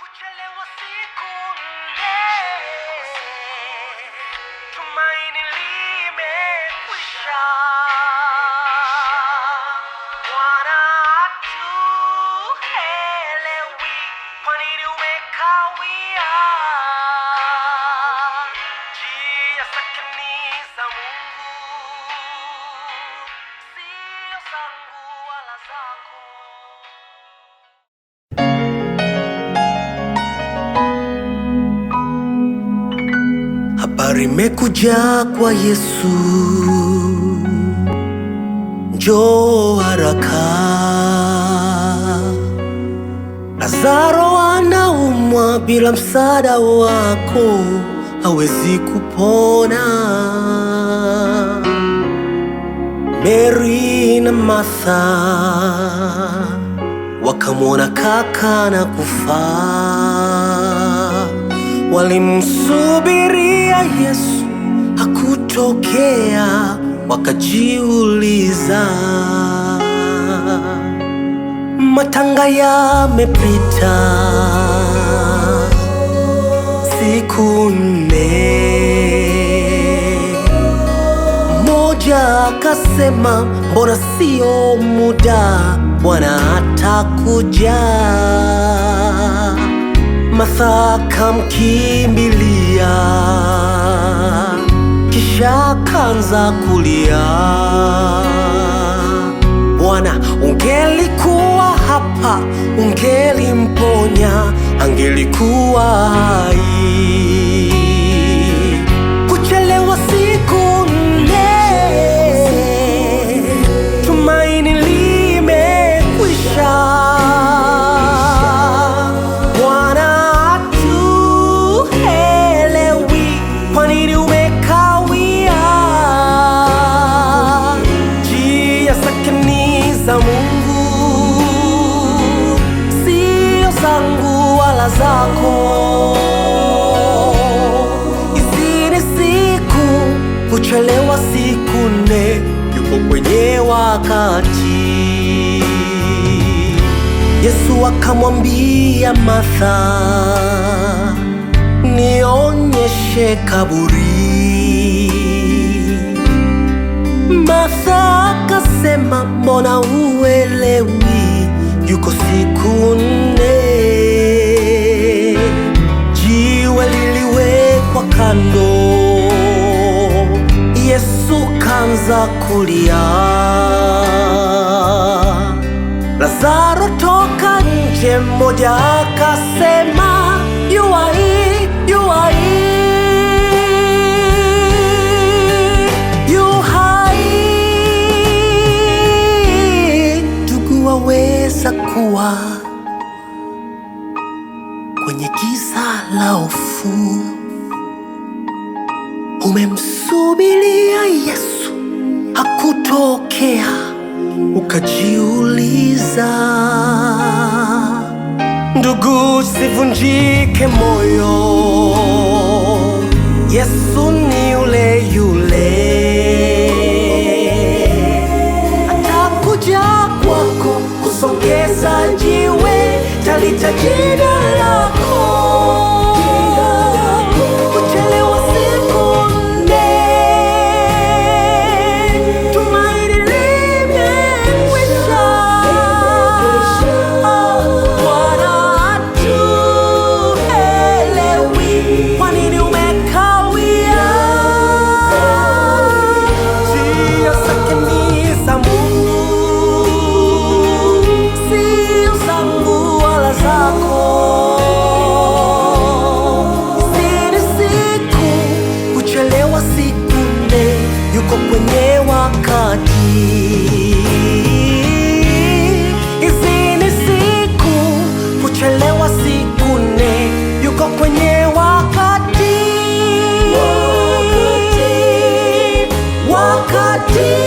cu te leu a segunda. Habari mekuja kwa Yesu, njoo haraka. Lazaro anaumwa, bila msaada wako hawezi kupona. Mary na Martha wakamwona kaka na kufaa Walimsubiria Yesu hakutokea, wakajiuliza, matanga yamepita siku nne. Mmoja akasema, mbona sio muda, Bwana atakuja. Martha kamkimbilia, kisha kanza kulia. Bwana, ungelikuwa hapa, ungelimponya, angelikuwa hai. wako. Hizi ni siku kuchelewa siku nne, yuko kwenye wakati. Yesu akamwambia Martha, nionyeshe kaburi. Martha akasema, mbona uelewi, yuko siku nne za kulia. Lazaro, toka nje! Mmoja akasema, yuwai yuwai yuhai, ndugu waweza kuwa kwenye giza la hofu, umemsubiria Yesu kutokea ukajiuliza. Ndugu, sivunjike moyo, Yesu ni yule yule, atakuja kwako kusongeza jiwe, talitajidala be